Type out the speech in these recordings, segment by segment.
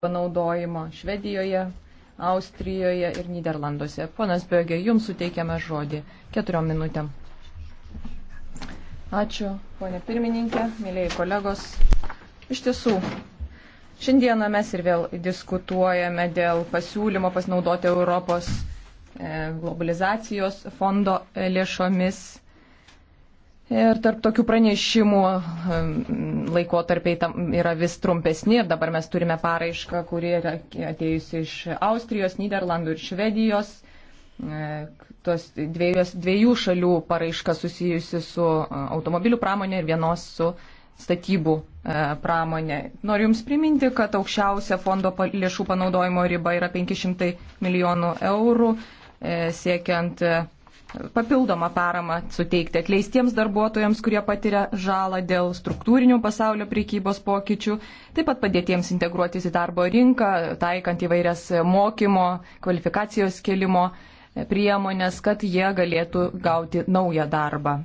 panaudojimo Švedijoje, Austrijoje ir Niderlanduose. Ponas Bögė, jums suteikiame žodį keturiom minutėm. Ačiū, ponė pirmininkė, mėlyjei kolegos. Iš tiesų, šiandieną mes ir vėl diskutuojame dėl pasiūlymo pasinaudoti Europos e, globalizacijos fondo e, lėšomis Ir tarp tokių pranešimų laikotarpiai yra vis trumpesni ir dabar mes turime paraišką, kuri yra atėjusi iš Austrijos, Niderlandų ir Švedijos. E, tos dviejos, dviejų šalių paraiška susijusi su e, automobilių pramonė ir vienos su statybų e, pramonė. Noriu Jums priminti, kad aukščiausia fondo lėšų panaudojimo riba yra 500 milijonų eurų siekiant papildomą paramą suteikti atleistiems darbuotojams, kurie patiria žalą dėl struktūrinių pasaulio priekybos pokyčių, taip pat padėtiems integruotis į darbo rinką, taikant įvairias mokymo, kvalifikacijos kelimo priemonės, kad jie galėtų gauti naują darbą.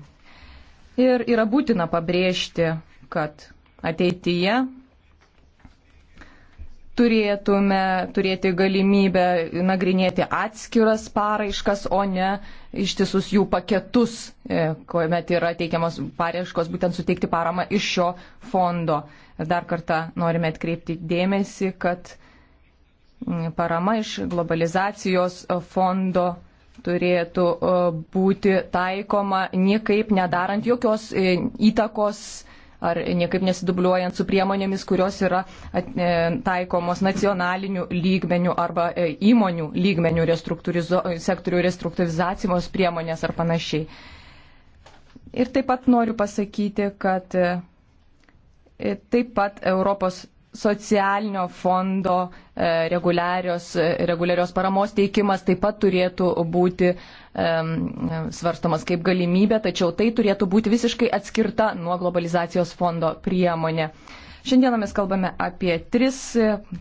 Ir yra būtina pabrėžti, kad ateityje turėtume turėti galimybę nagrinėti atskiras paraiškas, o ne ištisus jų paketus, e, kuomet yra teikiamos paraiškos būtent suteikti paramą iš šio fondo. Dar kartą norime atkreipti dėmesį, kad mm, parama iš globalizacijos e, fondo turėtų e, būti taikoma niekaip nedarant jokios įtakos ar niekaip nesidubliuojant su priemonėmis, kurios yra e, taikomos nacionaliniu lygmeniu arba e, įmonių lygmeniu restruktūrizo, sektorių restruktūrizacijos priemonės ar panašiai. Ir taip pat noriu pasakyti, kad e, taip pat Europos socialinio fondo e, reguliarios, e, reguliarios paramos teikimas taip pat turėtų būti um, svarstomas kaip galimybė, tačiau tai turėtų būti visiškai atskirta nuo globalizacijos fondo priemonė. Šiandieną mes kalbame apie tris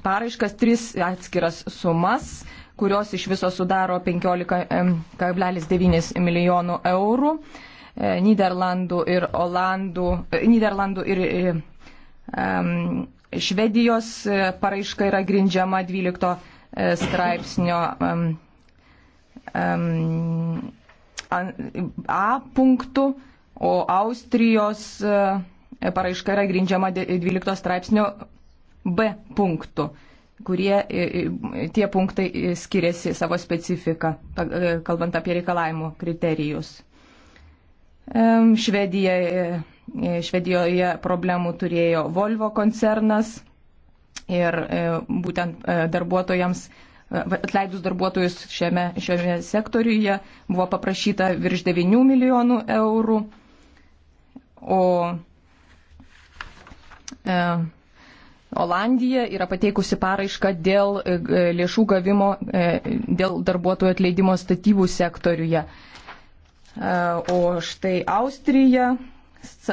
paraiškas, tris atskiras sumas, kurios iš viso sudaro 15,9 milijonų eurų. Niderlandų ir Olandų, Niderlandų ir um, Švedijos e, paraiška yra grindžiama 12 e, straipsnio um, um, A punktų, o Austrijos e, paraiška yra grindžiama 12 straipsnio B punktų kurie tie punktai skiriasi savo specifiką, kalbant apie reikalavimų kriterijus. Švedija, e, Švedijoje problemų turėjo Volvo koncernas ir e, būtent e, darbuotojams atleidus darbuotojus šiame, šiame sektoriuje buvo paprašyta virš 9 milijonų eurų, o e, Olandija yra pateikusi paraišką dėl e, lėšų gavimo, e, dėl darbuotojų atleidimo statybų sektoriuje. E, E, o štai Austrija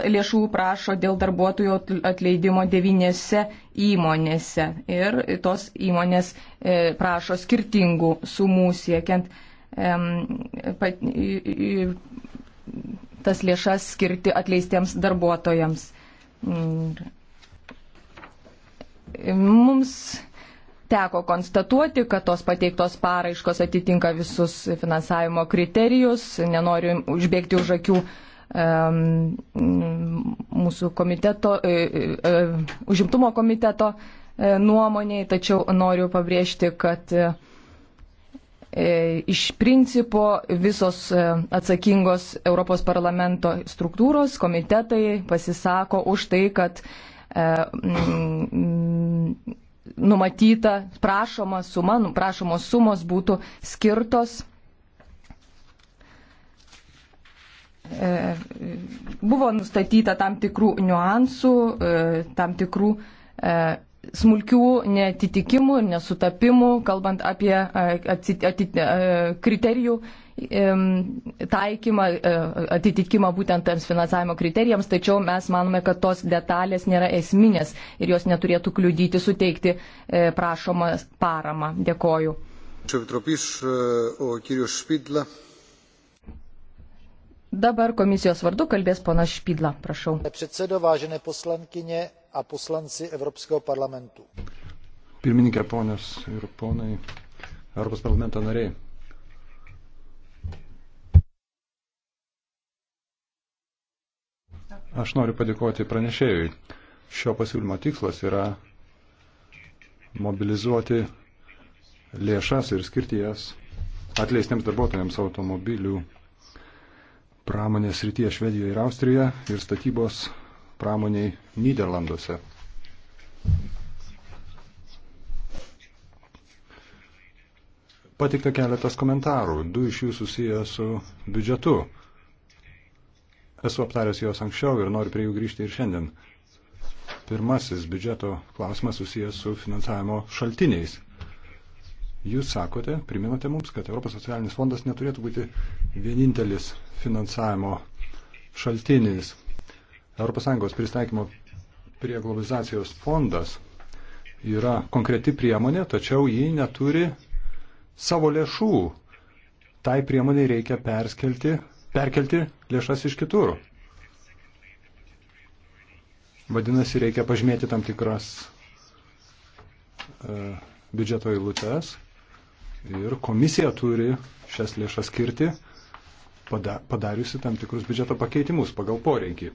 lėšų prašo dėl darbuotojų atleidimo devynėse įmonėse ir tos įmonės e, prašo skirtingų sumų siekiant tas lėšas skirti atleistiems darbuotojams. Mm. Mums teko konstatuoti, kad tos pateiktos paraiškos atitinka visus finansavimo kriterijus. Nenoriu užbėgti už akių mūsų komiteto, e, e, e, užimtumo komiteto nuomoniai, tačiau noriu pabrėžti, kad iš principo visos atsakingos Europos parlamento struktūros, komitetai pasisako už tai, kad numatyta prašoma suma, nu, prašomos sumos būtų skirtos. E, buvo nustatyta tam tikrų niuansų, e, tam tikrų e, smulkių netitikimų ir nesutapimų, kalbant apie kriterijų taikymą, e, atitikimą būtent tams finansavimo kriterijams, tačiau mes manome, kad tos detalės nėra esminės ir jos neturėtų kliudyti suteikti e, prašomą paramą. Dėkoju. E, Dabar komisijos vardu kalbės pana Špidla, prašau. Pirmininkė, ponios ir ponai, Europos parlamento nariai. Aš noriu padėkoti pranešėjui. Šio pasiūlymo tikslas yra mobilizuoti lėšas ir skirti jas atleistiems darbuotojams automobilių pramonės rytyje Švedijoje ir Austrijoje ir statybos pramoniai Niderlanduose. Patikta keletas komentarų, du iš jų susiję su biudžetu. Esu aptaręs juos anksčiau ir noriu prie jų grįžti ir šiandien. Pirmasis biudžeto klausimas susijęs su finansavimo šaltiniais. Jūs sakote, priminate mums, kad Europos socialinis fondas neturėtų būti vienintelis finansavimo šaltinis. ES pristaikymo prie globalizacijos fondas yra konkreti priemonė, tačiau ji neturi savo lėšų. Tai priemonė reikia perskelti, perkelti lėšas iš kitur. Vadinasi, reikia pažymėti tam tikras e, biudžeto eilutes ir komisija turi šias lėšas skirti, pada, padariusi tam tikrus biudžeto pakeitimus pagal poreikį.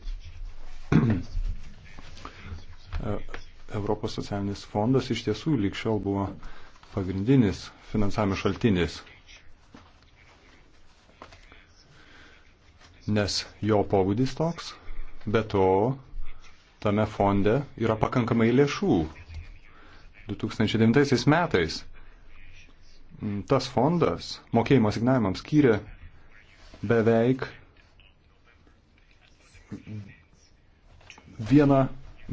E, Europos socialinis fondas iš tiesų likščiau buvo pagrindinis finansavimo šaltinis nes jo pobūdis toks, bet to tame fonde yra pakankamai lėšų. 2009 metais tas fondas mokėjimo signavimams skyrė beveik 1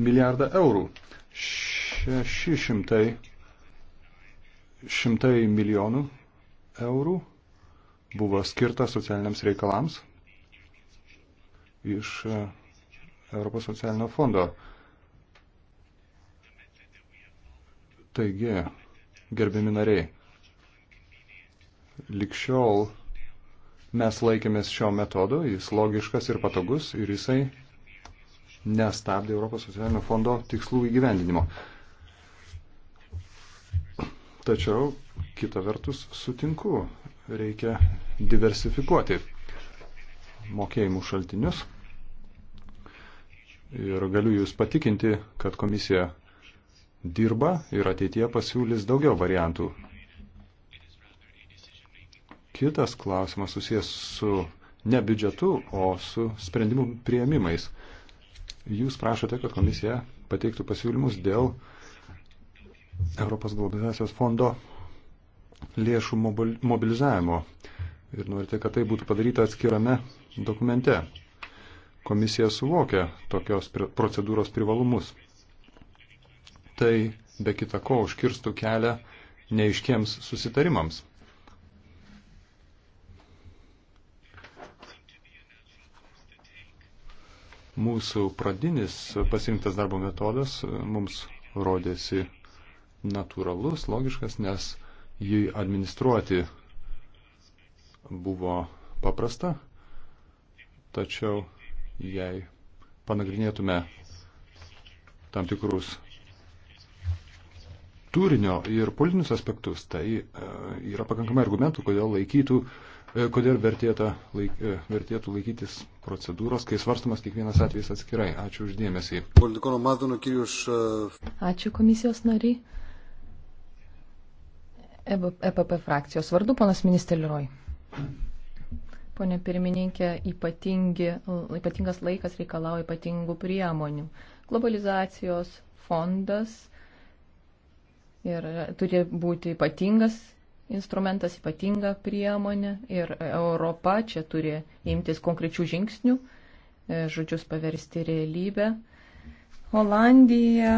milijardą eurų. 600 šimtai milijonų eurų buvo skirta socialiniams reikalams iš e, Europos socialinio fondo. Taigi, gerbiami nariai, likščiol mes laikėmės šio metodo, jis logiškas ir patogus ir jisai nestabdė Europos socialinio fondo tikslų įgyvendinimo. Tačiau, kita vertus, sutinku, reikia diversifikuoti mokėjimų šaltinius Ir galiu Jūs patikinti, kad komisija dirba ir ateitie pasiūlys daugiau variantų. Kitas klausimas susijęs su ne biudžetu, o su sprendimų prieimimais. Jūs prašote, kad komisija pateiktų pasiūlymus dėl Europos globalizacijos fondo lėšų mobilizavimo ir norite, kad tai būtų padaryta atskirame dokumente komisija suvokia tokios procedūros privalumus. Tai be kita ko užkirstų kelią neiškiems susitarimams. Mūsų pradinis pasirinktas darbo metodas e, mums rodėsi natūralus, logiškas, nes jį administruoti buvo paprasta, tačiau jei panagrinėtume tam tikrus turinio ir politinius aspektus, tai e, yra pakankamai argumentų, kodėl, laikytų, e, kodėl vertėta, laik, e, vertėtų laikytis procedūros, kai svarstamas kiekvienas atvejis atskirai. Ačiū uždėmesį. Ačiū komisijos nariai. EPP frakcijos vardu, ponas ministrė Liroj. Pone pirmininkė, ypatingas laikas reikalauja ypatingų priemonių. Globalizacijos fondas ir turi būti ypatingas instrumentas, ypatinga priemonė ir Europa čia turi imtis konkrečių žingsnių, e, žodžius paversti realybę. Olandija,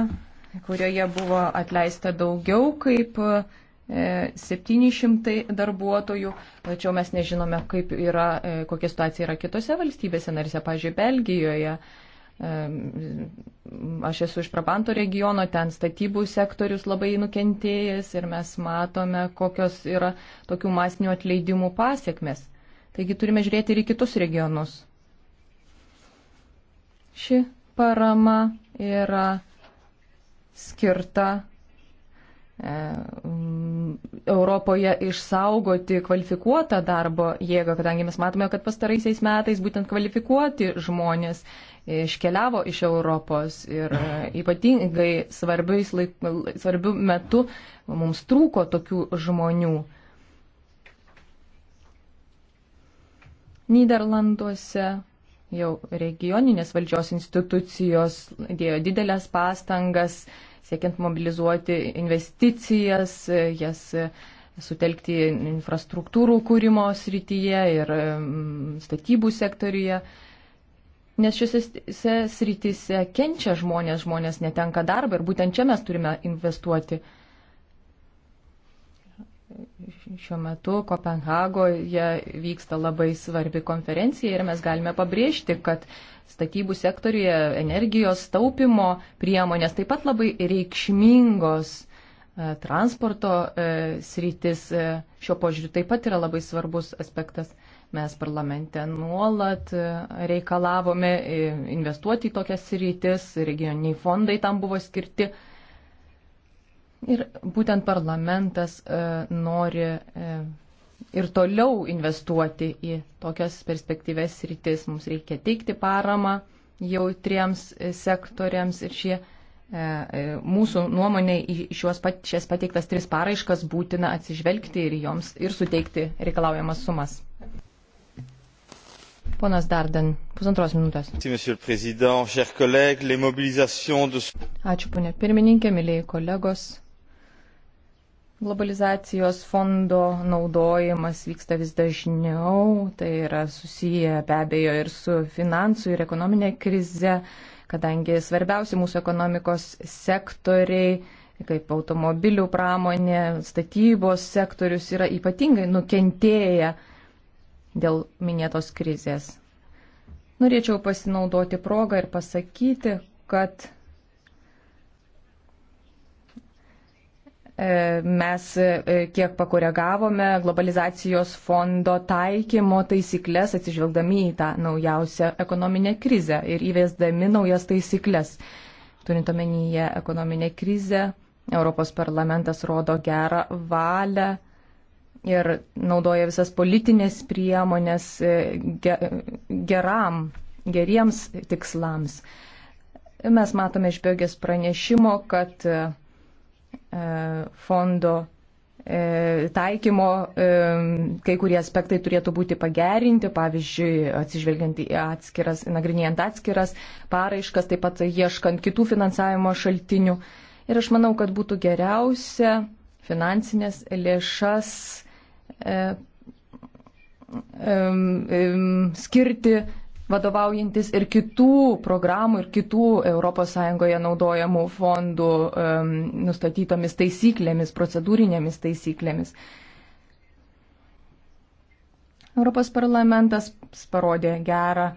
kurioje buvo atleista daugiau kaip 700 e, darbuotojų, tačiau mes nežinome, kaip yra, e, kokia situacija yra kitose valstybėse, narise, pažiūrėjau, Belgijoje. E, aš esu iš Prabanto regiono, ten statybų sektorius labai nukentėjęs ir mes matome, kokios yra tokių masinių atleidimų pasiekmes. Taigi turime žiūrėti ir į kitus regionus. Ši parama yra skirta Europoje išsaugoti kvalifikuotą darbo jėgą, kadangi mes matome, kad pastaraisiais metais būtent kvalifikuoti žmonės iškeliavo iš Europos ir e, ypatingai laik, svarbių metų mums trūko tokių žmonių. Niderlanduose jau regioninės valdžios institucijos dėjo didelės pastangas siekiant mobilizuoti investicijas, jas sutelkti infrastruktūrų kūrimo srityje ir mm, statybų sektoriuje. Nes šiuose srityse kenčia žmonės, žmonės netenka darbą ir būtent čia mes turime investuoti. Uh, šiuo metu Kopenhagoje vyksta labai svarbi konferencija ir mes galime pabrėžti, kad statybų sektoriuje energijos taupimo priemonės taip pat labai reikšmingos e, transporto e, sritis e, šio požiūriu taip pat yra labai svarbus aspektas. Mes parlamente nuolat reikalavome investuoti į tokias sritis, regioniniai fondai tam buvo skirti. Ir būtent parlamentas e, nori e, ir toliau investuoti į tokias perspektyves rytis. Mums reikia teikti paramą jautriems e, sektoriams ir šie mūsų nuomonė į šios pačias pateiktas tris paraiškas būtina atsižvelgti ir joms ir suteikti reikalaujamas sumas. Ponas Darden, pusantros minutės. Ačiū, ponė pirmininkė, mėlyje kolegos. Globalizacijos fondo naudojimas vyksta vis dažniau, tai yra susiję be abejo ir su finansų ir ekonominė krize, kadangi svarbiausi mūsų ekonomikos sektoriai, kaip automobilių pramonė, statybos sektorius yra ypatingai nukentėję dėl minėtos krizės. Norėčiau pasinaudoti progą ir pasakyti, kad E, mes e, kiek pakoregavome globalizacijos fondo taikymo taisyklės, atsižvelgdami į tą naujausią ekonominę krizę ir įvesdami naujas taisyklės. Turint omenyje ekonominę krizę, Europos parlamentas rodo gerą valią ir naudoja visas politinės priemonės e, geram, geriems tikslams. Mes matome iš Biogės pranešimo, kad E, fondo e, taikymo e, kai kurie aspektai turėtų būti pagerinti, pavyzdžiui, atsižvelgiant į atskiras, nagrinėjant atskiras paraiškas, taip pat ieškant kitų finansavimo šaltinių. Ir aš manau, kad būtų geriausia finansinės lėšas e, e, e, skirti vadovaujantis ir kitų programų, ir kitų ES naudojamų fondų um, nustatytomis taisyklėmis, procedūrinėmis taisyklėmis. Europos parlamentas parodė gerą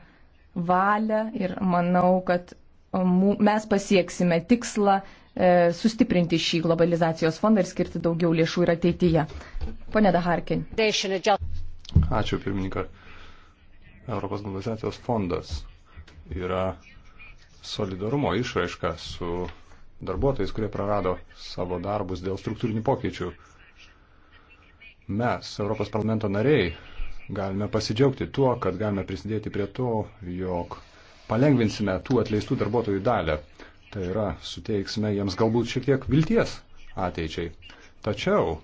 valią ir manau, kad mes pasieksime tikslą e, sustiprinti šį globalizacijos fondą ir skirti daugiau lėšų ir ateityje. Pone Daharkin. Ačiū, pirmininkas Europos globalizacijos fondas yra solidarumo išraiška su darbuotojais, kurie prarado savo darbus dėl struktūrinių pokyčių. Mes, Europos parlamento nariai, galime pasidžiaugti tuo, kad galime prisidėti prie to, jog palengvinsime tų atleistų darbuotojų dalę. Tai yra, suteiksime jiems galbūt šiek tiek vilties ateičiai. Tačiau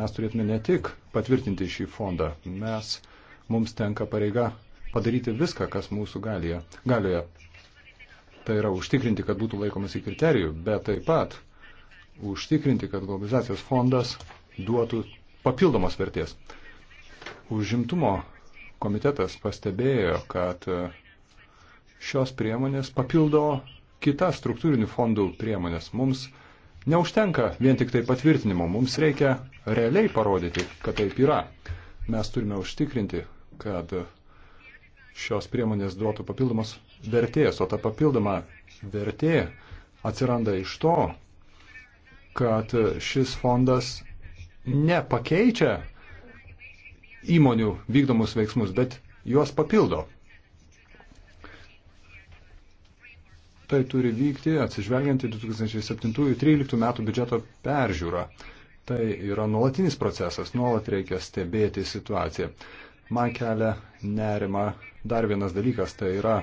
mes turėtume ne tik patvirtinti šį fondą, mes, mums tenka pareiga padaryti viską, kas mūsų galioje. galioje. Tai yra užtikrinti, kad būtų laikomasi kriterijų, bet taip pat užtikrinti, kad globalizacijos fondas duotų papildomos vertės. Užimtumo komitetas pastebėjo, kad šios priemonės papildo kitas struktūrinių fondų priemonės. Mums neužtenka vien tik tai patvirtinimo, mums reikia realiai parodyti, kad taip yra. Mes turime užtikrinti, kad šios priemonės duotų papildomos vertės, o ta papildoma vertė atsiranda iš to, kad šis fondas nepakeičia įmonių vykdomus veiksmus, bet juos papildo. Tai turi vykti atsižvelgiant į 2007-2013 metų biudžeto peržiūrą. Tai yra nuolatinis procesas, nuolat reikia stebėti situaciją. Man kelia nerima dar vienas dalykas, tai yra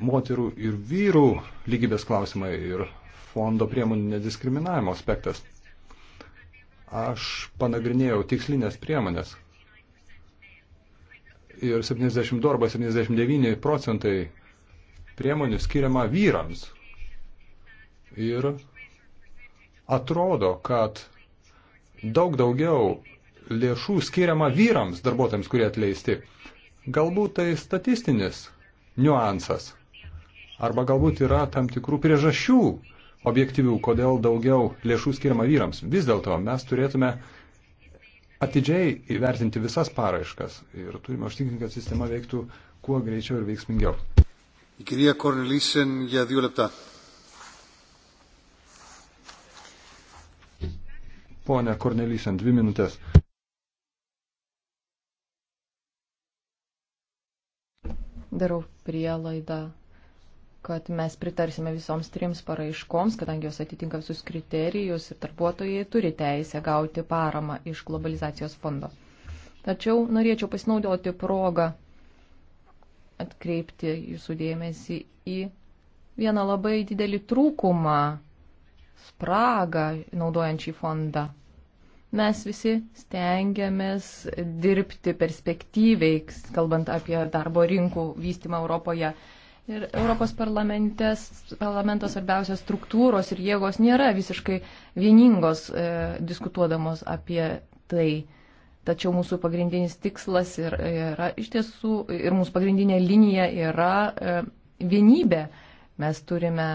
moterų ir vyrų lygybės klausimai ir fondo priemonių nediskriminavimo aspektas. Aš panagrinėjau tikslinės priemonės ir 72 arba 79 procentai priemonių skiriama vyrams. Ir atrodo, kad daug daugiau lėšų skiriama vyrams darbuotojams, kurie atleisti. Galbūt tai statistinis niuansas. Arba galbūt yra tam tikrų priežasčių objektyvių, kodėl daugiau lėšų skiriama vyrams. Vis dėlto mes turėtume atidžiai įvertinti visas paraiškas ir turime užtikrinti, kad sistema veiktų kuo greičiau ir veiksmingiau. Κυρία Κορνελίσεν για δύο λεπτά. Πόνια Κορνελίσεν, δύο μινούτες. Darau prielaidą, kad mes pritarsime visoms trims paraiškoms, kadangi jos atitinka visus kriterijus ir darbuotojai turi teisę gauti paramą iš globalizacijos fondo. Tačiau norėčiau pasinaudoti progą atkreipti jūsų dėmesį į vieną labai didelį trūkumą, spragą naudojant šį fondą mes visi stengiamės dirbti perspektyviai, kalbant apie darbo rinkų vystimą Europoje. Ir Europos parlamento svarbiausios struktūros ir jėgos nėra visiškai vieningos e, diskutuodamos apie tai. Tačiau mūsų pagrindinis tikslas ir, yra iš tiesų, ir mūsų pagrindinė linija yra e, vienybė. Mes turime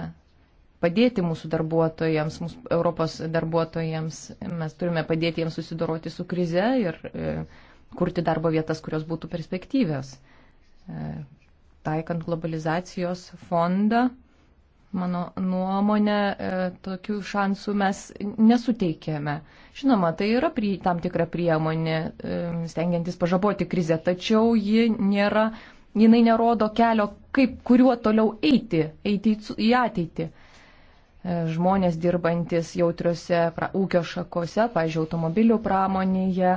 padėti mūsų darbuotojams, mūsų Europos darbuotojams. Mes turime padėti jiems susidoroti su krize ir e, kurti darbo vietas, kurios būtų perspektyvios. E, taikant globalizacijos fondą, mano nuomonė, e, tokių šansų mes nesuteikėme. Žinoma, tai yra prie, tam tikra priemonė, stengiantis pažaboti krizę, tačiau ji nėra, jinai nerodo kelio, kaip, kuriuo toliau eiti, eiti į ateitį žmonės dirbantis jautriuose ūkio šakose, pažiūrėjau, automobilių pramonėje.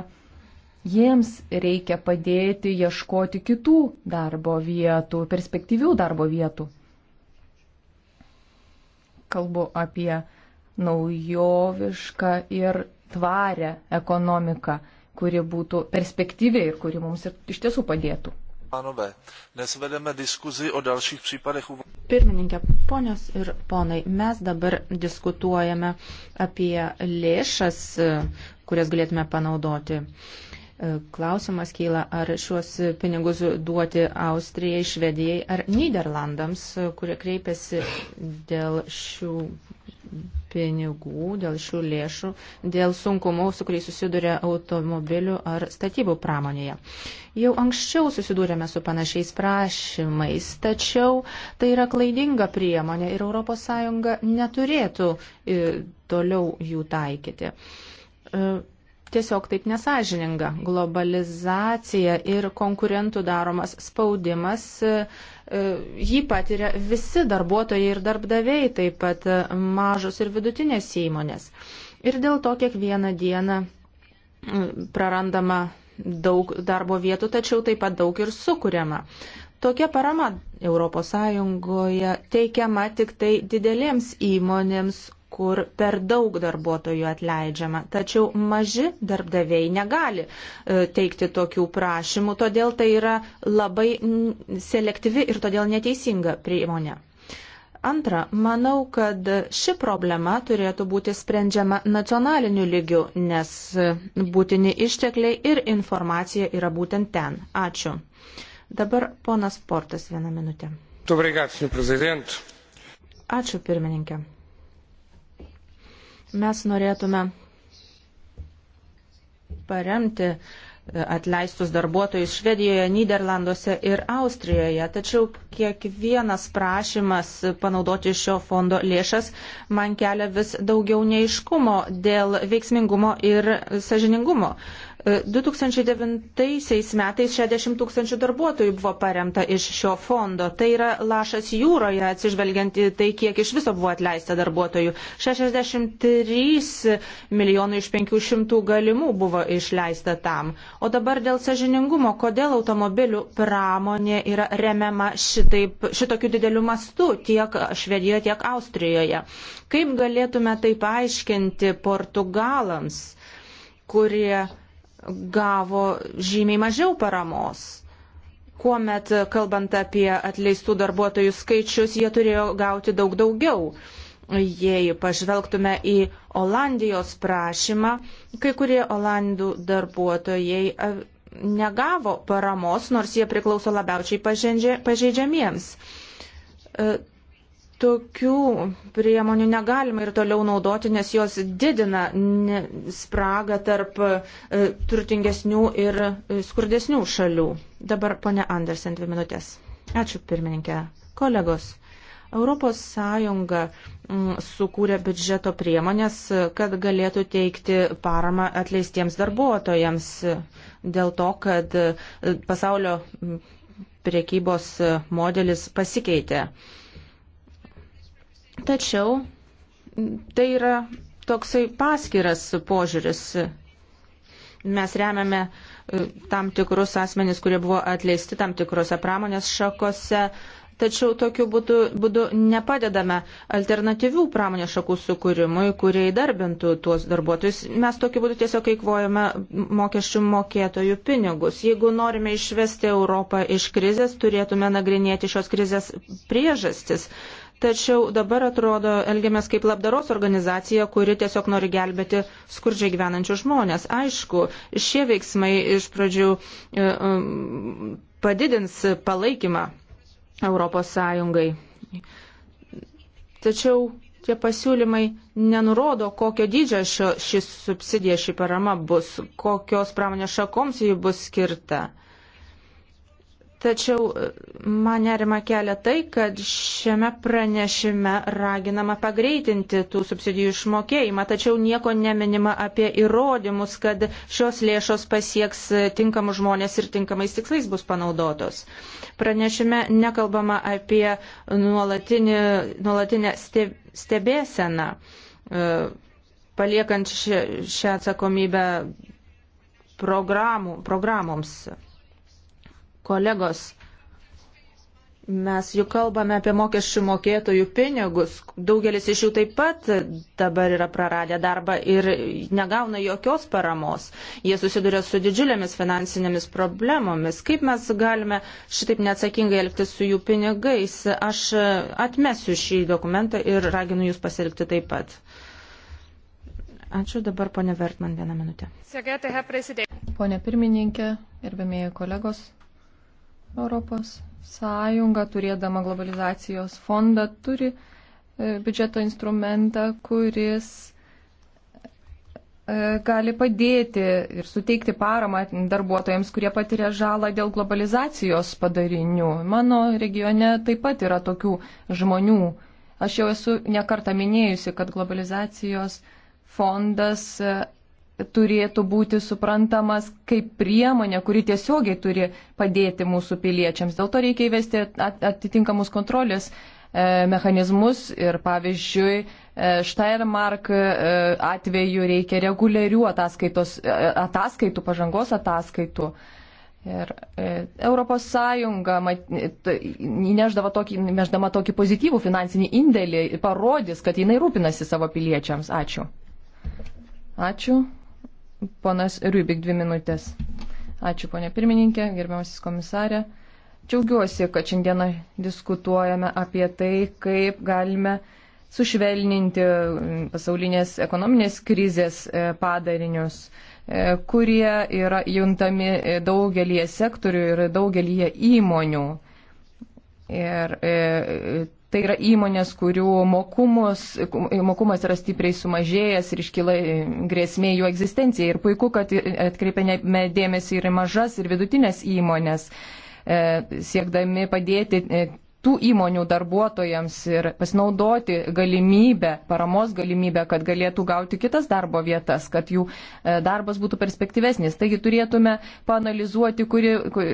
Jiems reikia padėti ieškoti kitų darbo vietų, perspektyvių darbo vietų. Kalbu apie naujovišką ir tvarę ekonomiką, kuri būtų perspektyvi ir kuri mums ir iš tiesų padėtų. Pánové, nes vedeme diskuzi o dalších případech. Pirmininkė, ponios ir ponai, mes dabar diskutuojame apie lėšas, kurias galėtume panaudoti. Klausimas kyla, ar šiuos pinigus duoti Austrijai, Švedijai ar Niderlandams, kurie kreipiasi dėl šių pinigų, dėl šių lėšų, dėl sunkumų, su kuriais susiduria automobilių ar statybų pramonėje. Jau anksčiau susidūrėme su panašiais prašymais, tačiau tai yra klaidinga priemonė ir ES neturėtų e, toliau jų taikyti. E, tiesiog taip nesažininga. Globalizacija ir konkurentų daromas spaudimas, e, e, jį patiria visi darbuotojai ir darbdaviai, taip pat e, mažos ir vidutinės įmonės. Ir dėl to kiekvieną dieną prarandama daug darbo vietų, tačiau taip pat daug ir sukūriama. Tokia parama ES teikiama tik tai didelėms įmonėms, kur per daug darbuotojų atleidžiama. Tačiau maži darbdaviai negali e, teikti tokių prašymų, todėl tai yra labai selektyvi ir todėl neteisinga priemonė. Antra, manau, kad ši problema turėtų būti sprendžiama nacionaliniu lygiu, nes būtini ištekliai ir informacija yra būtent ten. Ačiū. Dabar ponas Portas vieną minutę. Obrigado, Ačiū, pirmininkė. Mes norėtume paremti e, atleistus darbuotojus Švedijoje, Niderlanduose ir Austrijoje. Tačiau kiekvienas prašymas panaudoti šio fondo lėšas man kelia vis daugiau neiškumo dėl veiksmingumo ir sažiningumo. 2009 metais 60 tūkstančių darbuotojų buvo paremta iš šio fondo. Tai yra lašas jūroje, atsižvelgiant į tai, kiek iš viso buvo atleista darbuotojų. 63 milijonai iš 500 galimų buvo išleista tam. O dabar dėl sažiningumo, kodėl automobilių pramonė yra remiama šitaip, šitokiu dideliu mastu tiek Švedijoje, tiek Austrijoje. Kaip galėtume tai paaiškinti portugalams, kurie gavo žymiai mažiau paramos. Kuomet, kalbant apie atleistų darbuotojų skaičius, jie turėjo gauti daug daugiau. Jei pažvelgtume į Olandijos prašymą, kai kurie Olandų darbuotojai negavo paramos, nors jie priklauso labiausiai pažeidžiamiems. E, tokių priemonių negalima ir toliau naudoti, nes jos didina spragą tarp e, turtingesnių ir e, skurdesnių šalių. Dabar ponė Andersen, dvi minutės. Ačiū pirmininkė. Kolegos. Europos Sąjunga mm, sukūrė biudžeto priemonės, kad galėtų teikti paramą atleistiems darbuotojams dėl to, kad e, pasaulio mm, priekybos modelis pasikeitė. Tačiau tai yra toksai paskiras požiūris. Mes remiame e, tam tikrus asmenys, kurie buvo atleisti tam tikrose pramonės šakose, tačiau tokiu būdu, būdu nepadedame alternatyvių pramonės šakų sukūrimui, kurie įdarbintų tuos darbuotojus. Mes tokiu būdu tiesiog eikvojame mokesčių mokėtojų pinigus. Jeigu norime išvesti Europą iš krizės, turėtume nagrinėti šios krizės priežastis tačiau dabar atrodo elgiamės kaip labdaros organizacija, kuri tiesiog nori gelbėti skurdžiai gyvenančius žmonės. Aišku, šie veiksmai iš pradžių e, e, padidins palaikymą Europos Sąjungai. Tačiau tie pasiūlymai nenurodo, kokio dydžio šio, šis subsidija, ši parama bus, kokios pramonės šakoms ji bus skirta. Tačiau e, man nerima kelia tai, kad šiame pranešime raginama pagreitinti tų subsidijų išmokėjimą, tačiau nieko neminima apie įrodymus, kad šios lėšos pasieks e, tinkamus žmonės ir tinkamais tikslais bus panaudotos. Pranešime nekalbama apie nuolatinį, nuolatinę stebėseną, e, paliekant šią atsakomybę programų, programoms. Kolegos, mes juk kalbame apie mokesčių mokėtojų pinigus. Daugelis iš jų taip pat dabar yra praradę darbą ir negauna jokios paramos. Jie susiduria su didžiulėmis finansinėmis problemomis. Kaip mes galime šitaip neatsakingai elgtis su jų pinigais? Aš atmesiu šį dokumentą ir raginu jūs pasielgti taip pat. Ačiū dabar, ponė Vertman, vieną minutę. Pone pirmininkė, gerbėmėjai kolegos, Europos Sąjunga, turėdama globalizacijos fondą, turi e, biudžeto instrumentą, kuris e, gali padėti ir suteikti paramą darbuotojams, kurie patiria žalą dėl globalizacijos padarinių. Mano regione taip pat yra tokių žmonių. Aš jau esu nekartą minėjusi, kad globalizacijos fondas e, turėtų būti suprantamas kaip priemonė, kuri tiesiogiai turi padėti mūsų piliečiams. Dėl to reikia įvesti atitinkamus kontrolės e, mechanizmus ir pavyzdžiui e, Steiermark e, atveju reikia reguliarių ataskaitų, pažangos ataskaitų. Ir Europos Sąjunga neždama tokį, neždama tokį pozityvų finansinį indėlį parodys, kad jinai rūpinasi savo piliečiams. Ačiū. Ačiū. Ponas Rybik, dvi minutės. Ačiū, ponė pirmininkė, gerbiamasis komisarė. Džiaugiuosi, kad šiandieną diskutuojame apie tai, kaip galime sušvelninti pasaulinės ekonominės krizės e, padarinius, e, kurie yra juntami daugelie sektorių ir daugelie įmonių. Ir e, Tai yra įmonės, kurių mokumus, mokumas yra stipriai sumažėjęs ir iškyla grėsmė jų egzistencijai. Ir puiku, kad atkreipėme dėmesį ir mažas, ir vidutinės įmonės, e, siekdami padėti e, tų įmonių darbuotojams ir pasinaudoti galimybę, paramos galimybę, kad galėtų gauti kitas darbo vietas, kad jų e, darbas būtų perspektyvesnis. Taigi turėtume panalizuoti, kuri,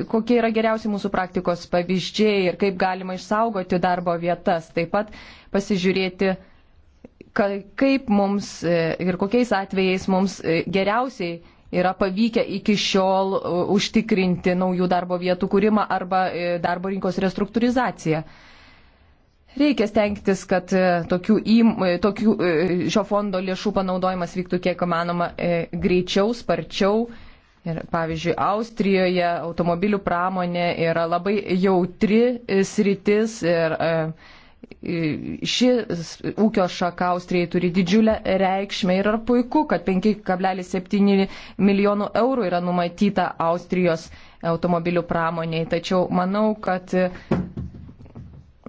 kokie yra geriausi mūsų praktikos pavyzdžiai ir kaip galima išsaugoti darbo vietas. Taip pat pasižiūrėti kaip mums e, ir kokiais atvejais mums e, geriausiai yra pavykę iki šiol e, užtikrinti naujų darbo vietų kūrimą arba e, darbo rinkos restruktūrizaciją. Reikia stengtis, kad e, tokių įm, tokių, šio fondo lėšų panaudojimas vyktų kiek įmanoma greičiau, sparčiau. Ir, pavyzdžiui, Austrijoje automobilių pramonė yra labai jautri sritis ir e, ši ūkio šaka Austrijai turi didžiulę reikšmę ir yra puiku, kad 5,7 milijonų eurų yra numatyta Austrijos automobilių pramoniai. Tačiau manau, kad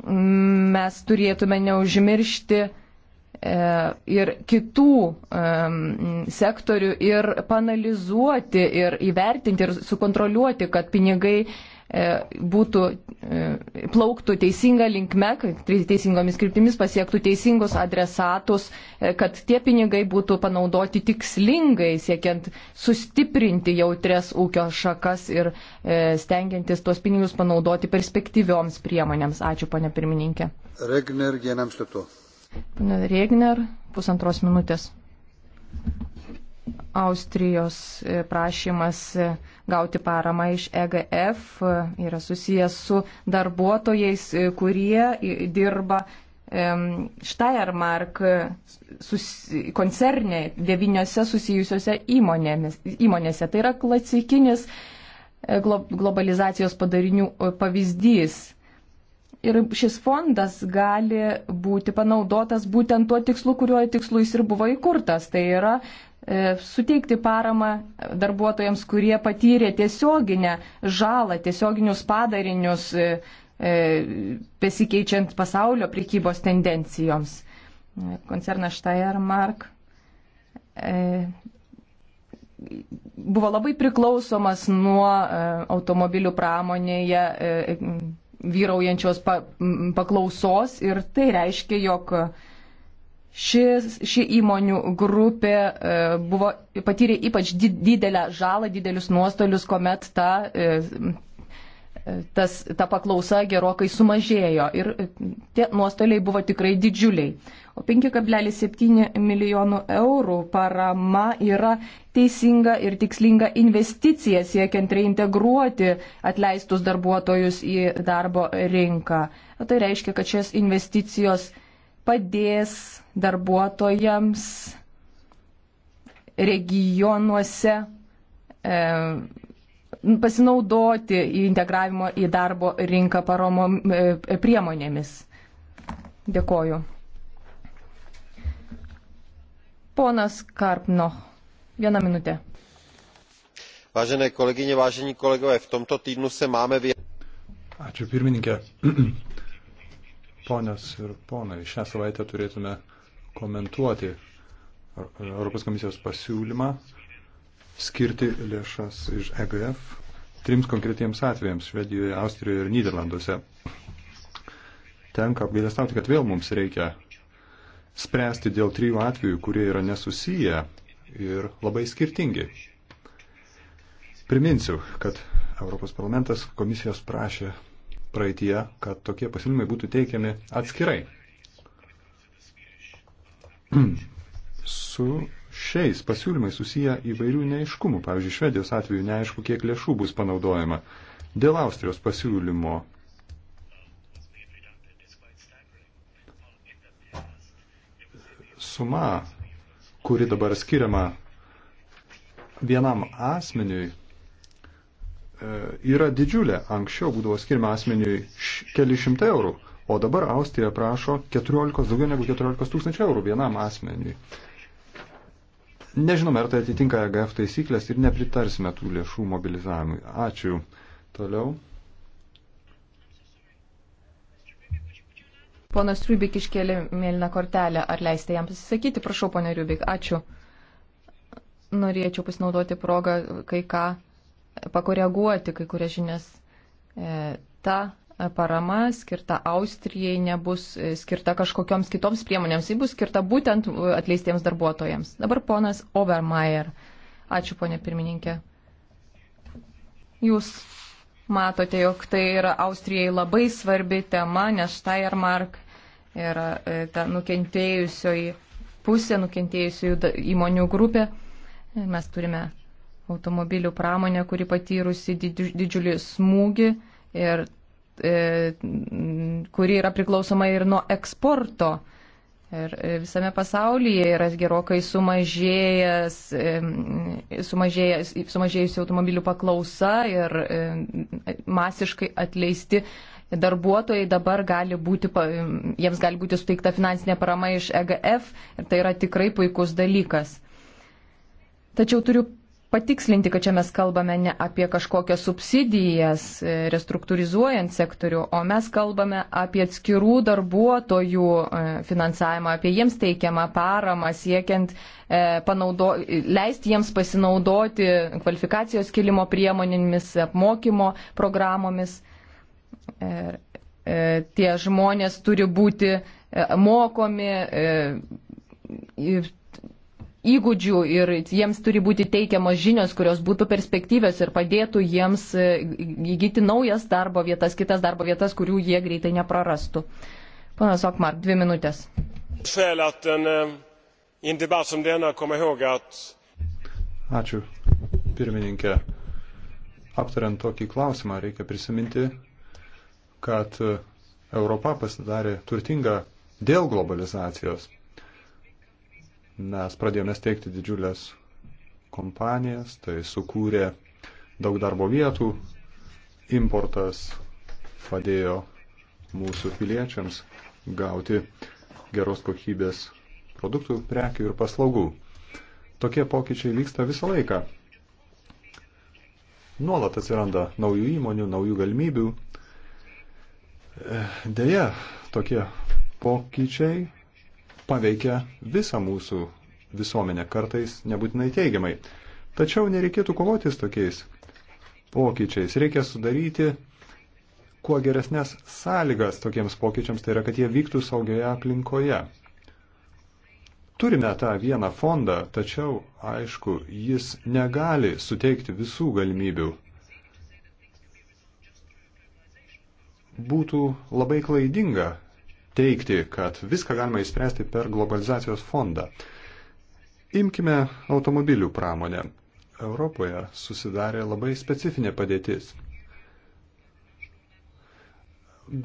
mm, mes turėtume neužmiršti e, ir kitų e, sektorių ir panalizuoti ir įvertinti ir sukontroliuoti, kad pinigai E, būtų, e, plauktų teisinga linkme, kad teisingomis kryptimis pasiektų teisingus adresatus, e, kad tie pinigai būtų panaudoti tikslingai, siekiant sustiprinti jautres ūkio šakas ir stengiantis tuos pinigus panaudoti perspektyvioms priemonėms. Ačiū, ponė pirmininkė. Regner, vienam šlitu. Pane Regner, pusantros minutės. Austrijos e, prašymas e, gauti paramą iš EGF e, yra susijęs su darbuotojais, kurie dirba Steiermark koncerne devyniose susijusiose įmonėmis, įmonėse. Tai yra klasikinis globalizacijos padarinių pavyzdys. Ir šis fondas gali būti panaudotas būtent tuo tikslu, kuriuo tikslu jis ir buvo įkurtas. Tai yra E, suteikti paramą darbuotojams, kurie patyrė tiesioginę žalą, tiesioginius padarinius e, e, besikeičiant pasaulio prekybos tendencijoms. Koncernas Steiermark buvo labai priklausomas nuo automobilių pramonėje vyraujančios paklausos ir tai reiškia, jog Šis, ši įmonių grupė e, buvo patyrė ypač didelę žalą, didelius nuostolius, kuomet ta, e, e, tas, ta paklausa gerokai sumažėjo ir tie nuostoliai buvo tikrai didžiuliai. O 5,7 milijonų eurų parama yra teisinga ir tikslinga investicija siekiant reintegruoti atleistus darbuotojus į darbo rinką. O tai reiškia, kad šios investicijos padės darbuotojams regionuose e, pasinaudoti integravimo į darbo rinką paromo e, priemonėmis. Dėkoju. Ponas Karpno, viena minutė. Vážené kolegyně, vážení kolegové, v tomto týdnu se máme vyjádřit. Ačiū pirmininkė. Ponios ir ponai, šią savaitę turėtume komentuoti Europos komisijos pasiūlymą skirti lėšas iš EGF trims konkretiems atvejams Švedijoje, Austrijoje ir Niderlanduose. Tenka apgailestauti, kad vėl mums reikia spręsti dėl trijų atvejų, kurie yra nesusiję ir labai skirtingi. Priminsiu, kad Europos parlamentas komisijos prašė praeitie, kad tokie pasiūlymai būtų teikiami atskirai. Su šiais pasiūlymais susiję įvairių neiškumų. Pavyzdžiui, Švedijos atveju neaišku, kiek lėšų bus panaudojama. Dėl Austrijos pasiūlymo suma, kuri dabar skiriama vienam asmeniui, E, yra didžiulė. Anksčiau būdavo skirima asmeniui keli šimtai eurų, o dabar Austrija prašo 14, daugiau negu 14 tūkstančių eurų vienam asmeniui. Nežinome, ar tai atitinka EGF taisyklės ir nepritarsime tų lėšų mobilizavimui. Ačiū. Toliau. Ponas Riubik iškėlė mėlyną kortelę. Ar leisite jam pasisakyti? Prašau, ponė Riubik. Ačiū. Norėčiau pasinaudoti progą kai ką pakoreguoti kai kurias žinias. E, ta parama skirta Austrijai nebus e, skirta kažkokioms kitoms priemonėms, ji bus skirta būtent e, atleistiems darbuotojams. Dabar ponas Overmeier. Ačiū, ponė pirmininkė. Jūs matote, jog tai yra Austrijai labai svarbi tema, nes Steiermark yra ta nukentėjusioji pusė, nukentėjusių įmonių grupė. Mes turime automobilių pramonė, kuri patyrusi didžiulį smūgį ir e, kuri yra priklausoma ir nuo eksporto. Ir e, visame pasaulyje yra gerokai sumažėjęs, e, sumažėjęs, sumažėjusi automobilių paklausa ir e, masiškai atleisti darbuotojai dabar gali būti, jiems gali būti suteikta finansinė parama iš EGF ir tai yra tikrai puikus dalykas. Tačiau turiu patikslinti, kad čia mes kalbame ne apie kažkokias subsidijas e, restruktūrizuojant sektorių, o mes kalbame apie atskirų darbuotojų e, finansavimą, apie jiems teikiamą paramą, siekiant e, panaudo, leisti jiems pasinaudoti kvalifikacijos kilimo priemonėmis, apmokymo programomis. Tie žmonės turi būti mokomi įgūdžių ir jiems turi būti teikiamos žinios, kurios būtų perspektyvios ir padėtų jiems e, įgyti naujas darbo vietas, kitas darbo vietas, kurių jie greitai neprarastų. Panas Okmar, dvi minutės. Eh, Ačiū, pirmininkė. Aptariant tokį klausimą, reikia prisiminti, kad eh, Europa pasidarė turtinga dėl globalizacijos mes pradėjome steigti didžiulės kompanijas, tai sukūrė daug darbo vietų, importas padėjo mūsų piliečiams gauti geros kokybės produktų, prekių ir paslaugų. Tokie pokyčiai vyksta visą laiką. Nuolat atsiranda naujų įmonių, naujų galimybių. Deja, tokie pokyčiai paveikia visą mūsų visuomenę, kartais nebūtinai teigiamai. Tačiau nereikėtų kovotis tokiais pokyčiais. Reikia sudaryti kuo geresnės sąlygas tokiems pokyčiams, tai yra, kad jie vyktų saugioje aplinkoje. Turime tą vieną fondą, tačiau, aišku, jis negali suteikti visų galimybių. Būtų labai klaidinga teikti, kad viską galima įspręsti per globalizacijos fondą. Imkime automobilių pramonę. Europoje susidarė labai specifinė padėtis.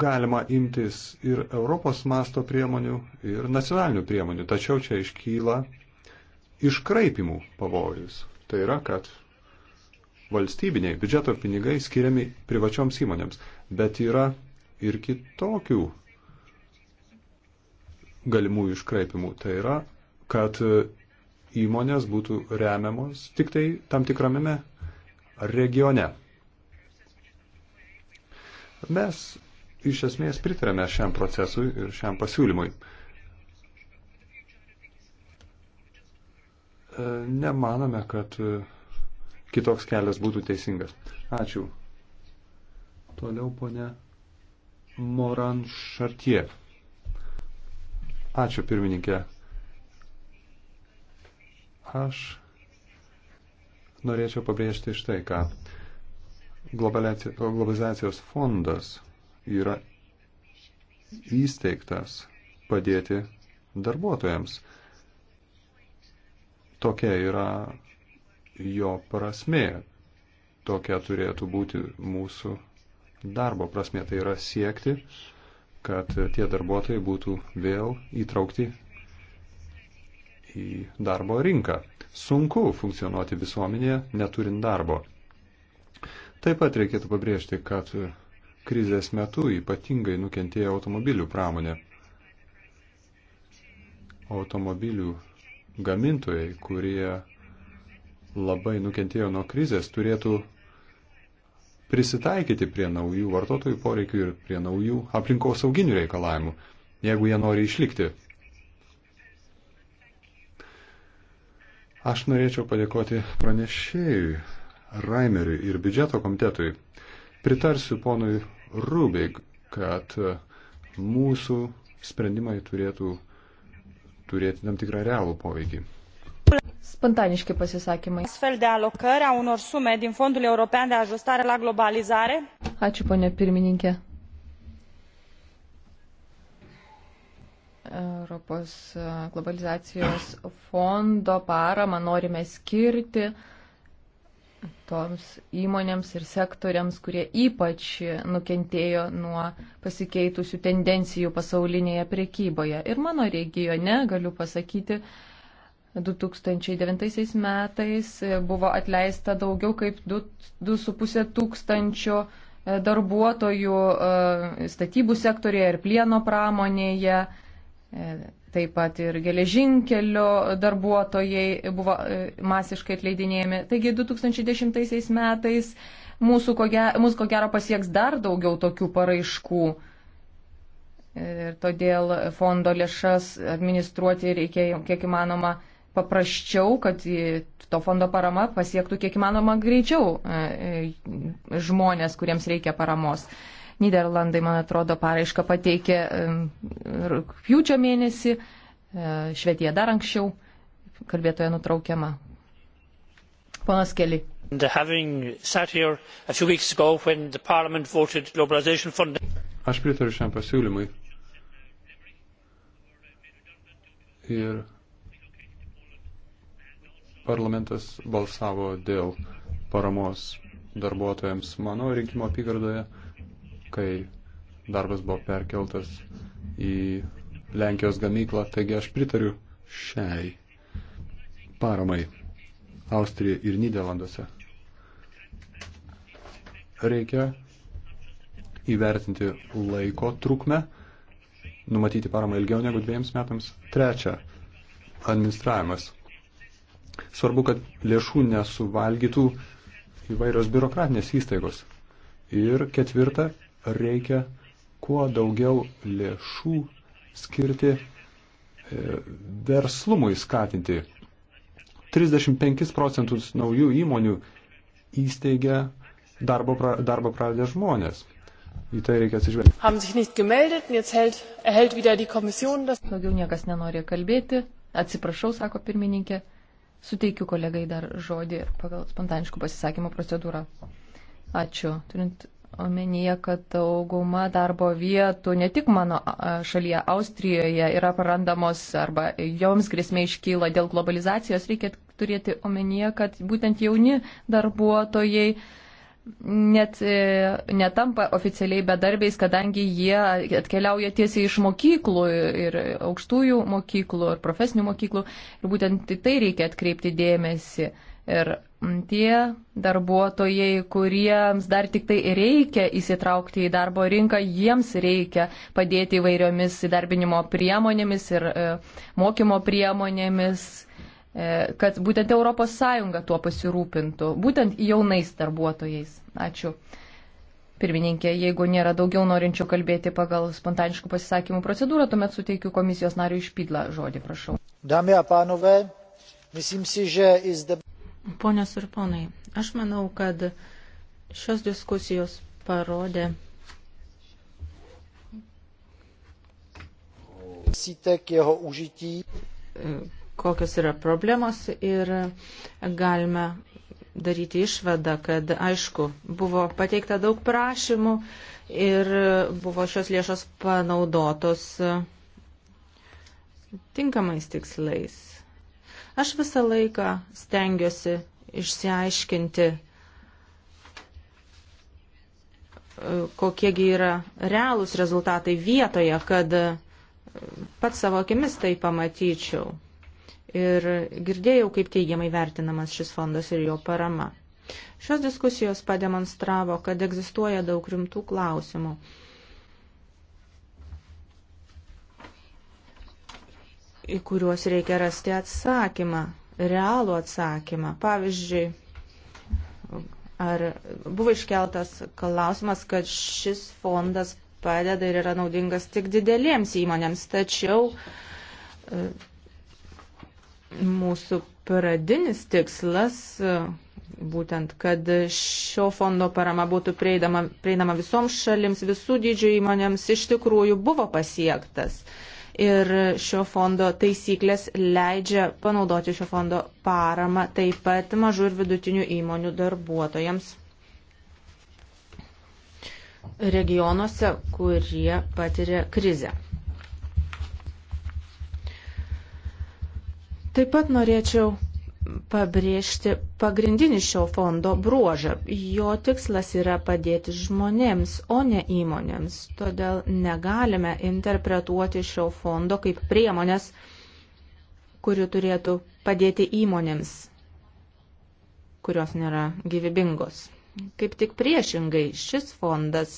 Galima imtis ir Europos masto priemonių, ir nacionalinių priemonių, tačiau čia iškyla iškraipimų pavojus. Tai yra, kad valstybiniai biudžeto pinigai skiriami privačioms įmonėms, bet yra ir kitokių galimų iškraipimų. Tai yra, kad įmonės būtų remiamos tik tai tam tikramame regione. Mes iš esmės pritarėme šiam procesui ir šiam pasiūlymui. E, nemanome, kad e, kitoks kelias būtų teisingas. Ačiū. Toliau, ponė Moran Šartier. Ačiū pirmininkė. Aš norėčiau pabrėžti štai ką. Globalizacijos fondas yra įsteigtas padėti darbuotojams. Tokia yra jo prasmė. Tokia turėtų būti mūsų darbo prasmė. Tai yra siekti, uh, kad tie darbuotojai būtų vėl įtraukti į darbo rinką. Sunku funkcionuoti visuomenėje neturint darbo. Taip pat reikėtų pabrėžti, kad krizės metu ypatingai nukentėjo automobilių pramonė. Automobilių gamintojai, kurie labai nukentėjo nuo krizės, turėtų prisitaikyti prie naujų vartotojų poreikių ir prie naujų aplinkos sauginių reikalavimų, jeigu jie nori išlikti. Aš norėčiau padėkoti pranešėjui, Raimeriui ir biudžeto komitetui. Pritarsiu ponui Rubik, kad mūsų sprendimai turėtų turėti tam tikrą realų poveikį spontaniški pasisakymai. Ačiū, ponė pirmininkė. Europos globalizacijos fondo paramą norime skirti toms įmonėms ir sektoriams, kurie ypač nukentėjo nuo pasikeitusių tendencijų pasaulinėje priekyboje. Ir mano regione, galiu pasakyti, 2009 metais buvo atleista daugiau kaip 2,5 tūkstančio e, darbuotojų e, statybų sektorėje ir plieno pramonėje. E, taip pat ir geležinkelio darbuotojai buvo masiškai atleidinėjami. Taigi 2010 metais mūsų ko, gero, mūsų ko gero pasieks dar daugiau tokių paraiškų. Ir todėl fondo lėšas administruoti reikia kiek įmanoma paprasčiau, kad to fondo parama pasiektų kiek įmanoma greičiau e, e, žmonės, kuriems reikia paramos. Niderlandai, man atrodo, paraišką pateikė e, rūpjūčio mėnesį, Švedija dar anksčiau, kalbėtoje nutraukiama. Ponas Keli. Aš pritariu šiam pasiūlymui. Ir parlamentas balsavo dėl paramos darbuotojams mano rinkimo apygardoje, kai darbas buvo perkeltas į Lenkijos gamyklą, taigi aš pritariu šiai paramai Austrijoje ir Niderlanduose. Reikia įvertinti laiko trukmę, numatyti paramą ilgiau negu dviejams metams. Trečia, administravimas. Svarbu, kad lėšų nesuvalgytų įvairios biurokratinės įstaigos. Ir ketvirta, reikia kuo daugiau lėšų skirti e, verslumui skatinti. 35 procentus naujų įmonių įsteigia darbo, pra, darbo pradę žmonės. Į tai reikia atsižvelgti. Daugiau niekas nenori kalbėti. Atsiprašau, sako pirmininkė. Suteikiu kolegai dar žodį pagal spontaniškų pasisakymų procedūrą. Ačiū. Turint omenyje, kad dauguma darbo vietų ne tik mano šalyje, Austrijoje yra prarandamos arba joms grėsmė iškyla dėl globalizacijos, reikia turėti omenyje, kad būtent jauni darbuotojai net e, netampa oficialiai bedarbiais, kadangi jie atkeliauja tiesiai iš mokyklų ir aukštųjų mokyklų ir profesinių mokyklų. Ir būtent į tai reikia atkreipti dėmesį. Ir tie darbuotojai, kuriems dar tik tai reikia įsitraukti į darbo rinką, jiems reikia padėti įvairiomis įdarbinimo priemonėmis ir e, mokymo priemonėmis E, kad būtent ES tuo pasirūpintų, būtent jaunais darbuotojais. Ačiū. Pirmininkė, jeigu nėra daugiau norinčių kalbėti pagal spontaniškų pasisakymų procedūrą, tuomet suteikiu komisijos nariui išpydlą žodį, prašau. Dami apanove, myslím si, že jis dabar. Ponios ir ponai, aš manau, kad šios diskusijos parodė. Sítek jeho užití e, kokios yra problemos ir galime daryti išvadą, kad aišku, buvo pateikta daug prašymų ir buvo šios lėšos panaudotos tinkamais tikslais. Aš visą laiką stengiuosi išsiaiškinti, kokiegi yra realūs rezultatai vietoje, kad pats savo akimis tai pamatyčiau ir girdėjau, kaip teigiamai vertinamas šis fondas ir jo parama. Šios diskusijos pademonstravo, kad egzistuoja daug rimtų klausimų. į kuriuos reikia rasti atsakymą, realų atsakymą. Pavyzdžiui, ar buvo iškeltas klausimas, kad šis fondas padeda ir yra naudingas tik didelėms įmonėms, tačiau mūsų pradinis tikslas, būtent, kad šio fondo parama būtų prieinama, prieinama visoms šalims, visų dydžių įmonėms, iš tikrųjų buvo pasiektas. Ir šio fondo taisyklės leidžia panaudoti šio fondo paramą taip pat mažų ir vidutinių įmonių darbuotojams regionuose, kurie patiria krizę. Taip pat norėčiau pabrėžti pagrindinį šio fondo bruožą. Jo tikslas yra padėti žmonėms, o ne įmonėms. Todėl negalime interpretuoti šio fondo kaip priemonės, kuri turėtų padėti įmonėms, kurios nėra gyvybingos. Kaip tik priešingai šis fondas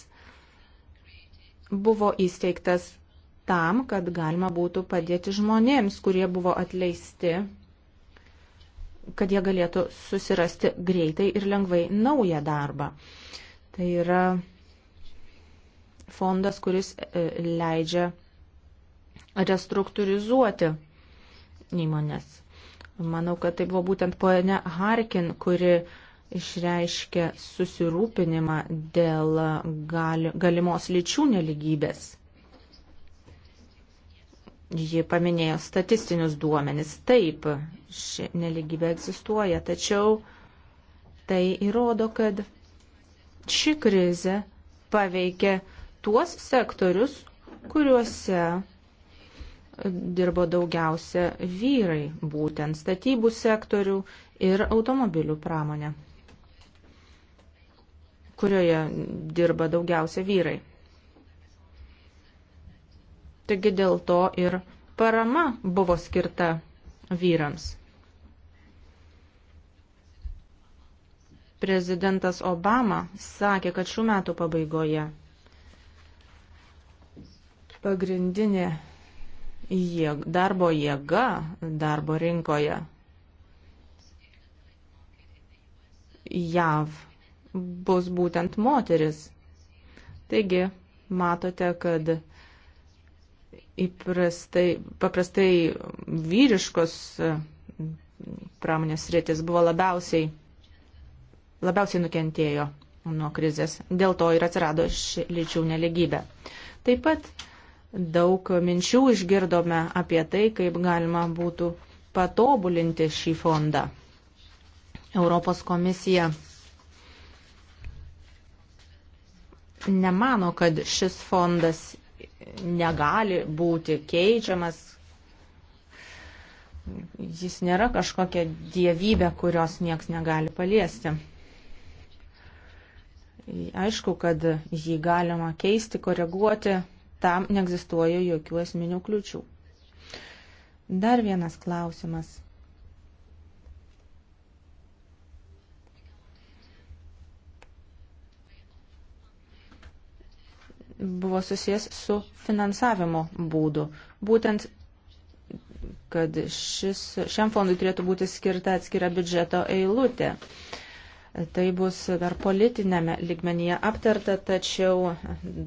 buvo įsteigtas tam, kad galima būtų padėti žmonėms, kurie buvo atleisti, kad jie galėtų susirasti greitai ir lengvai naują darbą. Tai yra fondas, kuris e, leidžia restruktūrizuoti įmonės. Manau, kad tai buvo būtent poenė Harkin, kuri išreiškė susirūpinimą dėl gali, galimos lyčių neligybės. Ji paminėjo statistinius duomenis. Taip, ši neligybė egzistuoja, tačiau tai įrodo, kad ši krizė paveikė tuos sektorius, kuriuose dirbo daugiausia vyrai, būtent statybų sektorių ir automobilių pramonę, kurioje dirba daugiausia vyrai. Taigi dėl to ir parama buvo skirta vyrams. Prezidentas Obama sakė, kad šių metų pabaigoje pagrindinė jėg, darbo jėga darbo rinkoje JAV bus būtent moteris. Taigi, matote, kad įprastai, paprastai vyriškos e, pramonės rytis buvo labiausiai, labiausiai nukentėjo nuo krizės. Dėl to ir atsirado ši lyčių neligybė. Taip pat daug minčių išgirdome apie tai, kaip galima būtų patobulinti šį fondą. Europos komisija nemano, kad šis fondas negali būti keičiamas. Jis nėra kažkokia dievybė, kurios nieks negali paliesti. Aišku, kad jį galima keisti, koreguoti, tam neegzistuoja jokių esminių kliučių. Dar vienas klausimas. buvo susijęs su finansavimo būdu. Būtent, kad šis, šiam fondui turėtų būti skirta atskira biudžeto eilutė. Tai bus dar politinėme ligmenyje aptarta, tačiau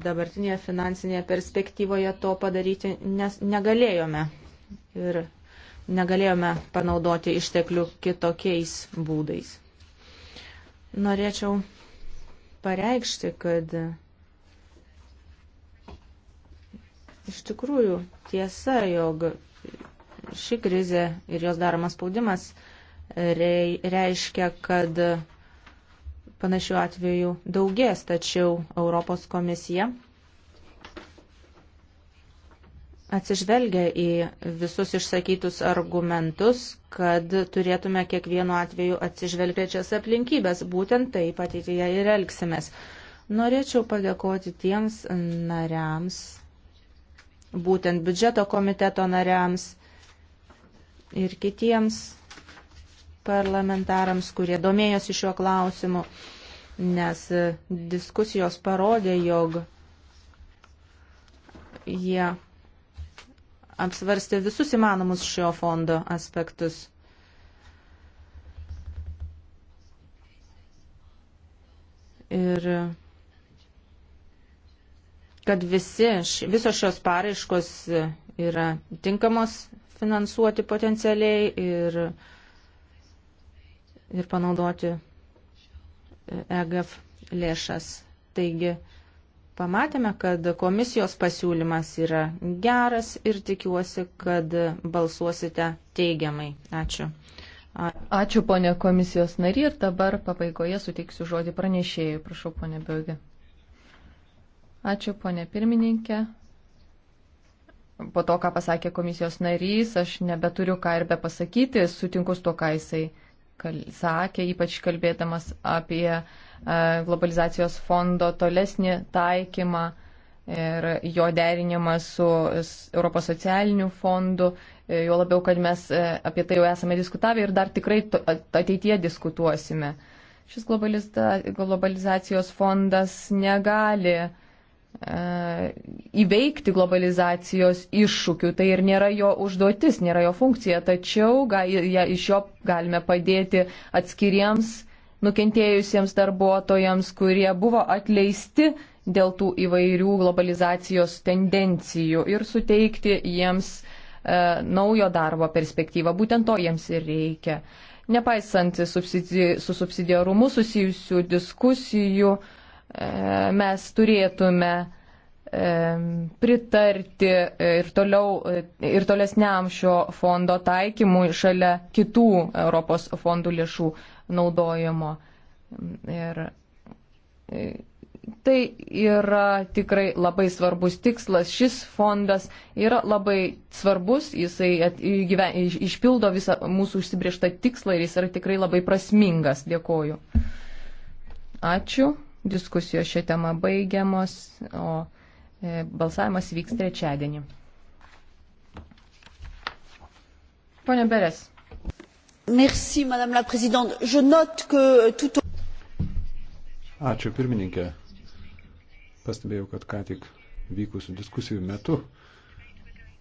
dabartinėje finansinėje perspektyvoje to padaryti nes, negalėjome ir negalėjome panaudoti išteklių kitokiais būdais. Norėčiau pareikšti, kad Iš tikrųjų, tiesa, jog ši krizė ir jos daromas spaudimas reiškia, kad panašių atvejų daugės, tačiau Europos komisija atsižvelgia į visus išsakytus argumentus, kad turėtume kiekvienu atveju atsižvelgiačias aplinkybės, būtent taip ateityje ir elgsimės. Norėčiau padėkoti tiems nariams būtent biudžeto komiteto nariams ir kitiems parlamentarams, kurie domėjosi šiuo klausimu, nes e, diskusijos parodė, jog jie apsvarstė visus įmanomus šio fondo aspektus. Ir kad visi, visos šios paraiškos yra tinkamos finansuoti potencialiai ir, ir panaudoti EGF e lėšas. Taigi, pamatėme, kad komisijos pasiūlymas yra geras ir tikiuosi, kad balsuosite teigiamai. Ačiū. Ačiū, ponė komisijos nari, ir dabar pabaigoje suteiksiu žodį pranešėjai. Prašau, ponė Biogė. Ačiū, ponė pirmininkė. Po to, ką pasakė komisijos narys, aš nebeturiu ką ir be pasakyti, sutinku su to, ką jisai kal sakė, ypač kalbėdamas apie e, globalizacijos fondo tolesnį taikymą ir jo derinimą su Europos socialiniu fondu, e, jo labiau, kad mes e, apie tai jau esame diskutavę ir dar tikrai ateityje diskutuosime. Šis globalizacijos fondas negali E, įveikti globalizacijos iššūkių. Tai ir nėra jo užduotis, nėra jo funkcija, tačiau ga, ja, iš jo galime padėti atskiriems nukentėjusiems darbuotojams, kurie buvo atleisti dėl tų įvairių globalizacijos tendencijų ir suteikti jiems e, naujo darbo perspektyvą. Būtent to jiems ir reikia. Nepaisant subsidi, su subsidiarumu susijusių diskusijų, e, E, mes turėtume e, pritarti ir, toliau, e, ir tolesniam šio fondo taikymui šalia kitų Europos fondų lėšų naudojimo. Ir tai yra tikrai labai svarbus tikslas. Šis fondas yra labai svarbus, jisai atgyven, išpildo visą mūsų užsibrieštą tikslą ir jis yra tikrai labai prasmingas. Dėkoju. Ačiū. Diskusijos šią temą baigiamos, o e, balsavimas vyks trečiadienį. Pone Beres. Merci, Madame la Présidente. Je note que tout. Ačiū, pirmininkė. Pastebėjau, kad ką tik vykusių diskusijų metu